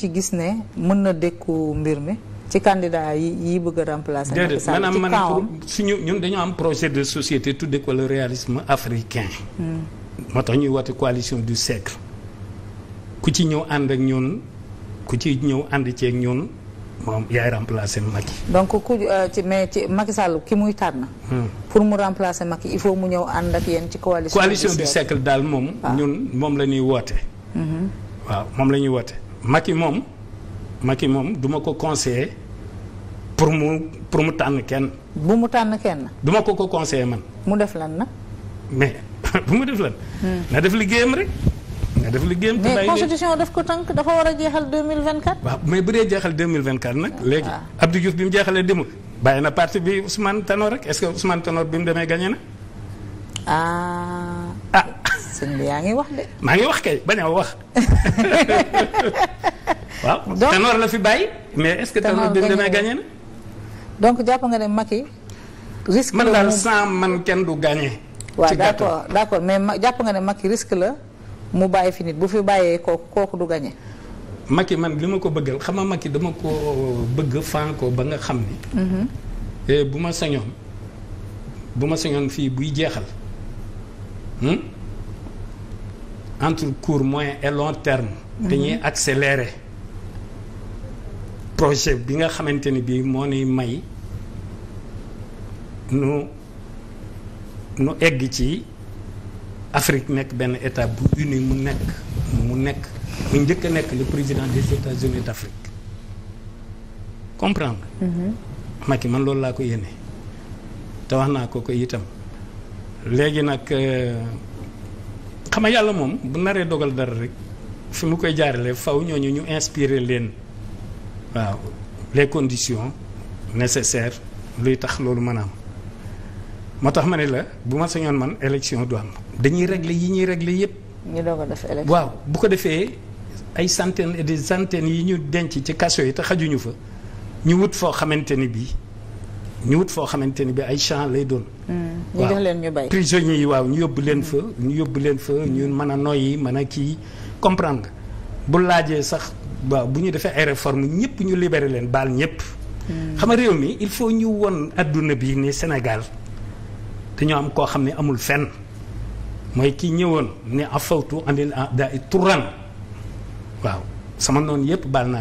ci gis ne mën na dékku mbir mi ci candidat yi yi bëgg a remplacer. déedéet maanaam man suñu ñun dañoo am projet de société tuddee ko le réalisme africain. Hmm. moo tax ñuy woote coalition du siècle ku ci ñëw ànd ak ñun ku ci ñëw ànd ceeg ñun. moom yaay remplacer Macky. donc euh, mais ci Macky Sall ki muy tànn. Hmm. pour mu remplacer Macky il faut mu ñëw ànd ak yéen ci. coalition du siècle coalition daal moom. Ah. ñun moom la ñuy woote. Hmm. waaw moom lañuy woote. Macky moom Macky moom duma ko conseiller pour mu pour mu tànn kenn. bu mu tànn kenn. du ko ko conseiller man. mu def lan na. mais bu mu def lan. Hmm. na def liggéeyam rek. na def liggéeyam te mais constitution daf ko tànk dafa war a jeexal deux mille vingt quatre. waaw mais bu dee jeexal deux mille vingt quatre nag. Ah. léegi Abdou Diouf bi mu jeexalee demul. bàyyi na parti bi Ousmane Tanor rek est-ce que bi mu demee gagné na. Ah. sëñ yaa ngi wax de. maa ngi wax kay bañ a wax. waaw Tanor la fi bàyyi. mais est-ce que Tanor dina dina donc jàpp nga ne Macky. risque man daal sans man kenn du gagné. ci gàttal nga ne Macky risque la mu bàyyi fi nit bu fi bàyyee kooku kooku du gagné. Macky man li ma ko bëggal xam nga Macky dama ko bëgg fan ko ba nga xam ni. Mhm. Eh, bu ma sañoon bu ma sañoon fii buy jeexal. Hmm? entre court moyen et long terme. dañuy mhm. accélérer projet bi nga xamante ni bii moo ni may nu nu egg ci Afrique nekk benn état bu uni mu nekk mu nekk mu njëkk a nekk le président des États-Unis d'Afrique comprendre. Mhm. Macky man loolu laa ko yéene te wax naa ko ko itam léegi nag. Euh, ma yàlla moom bu naree dogal dara rek fi mu koy jaarale faw ñooñu ñu inspiré leen waaw les conditions nécessaires luy tax loolu mën a am moo tax ma ne la bu ma sañoon man élection du am dañuy régler yi ñuy régler yépp ñu doog a def élection waaw bu ko defee ay centaines et des centaines yi ñu denc ci kaso yi te xajuñu fa ñu wut foo xamante ni bii ñu wut foo xamante ni bi ay champs lay doon. Hmm. ñu yi waaw ñu yóbbu leen fa. ñu yóbbu leen fa ñu mën a noyyi mën a kii comprendre bu laajee sax waaw bu ñu defee ay réformes ñëpp ñu libéré leen baal ñëpp. Hmm. xam nga réew mi il faut ñu woon adduna bi ni Sénégal dañoo am koo xam ne amul fenn mooy ki ñëwoon ne afawtu andil daa turan waaw sama noonu yëpp baal naa.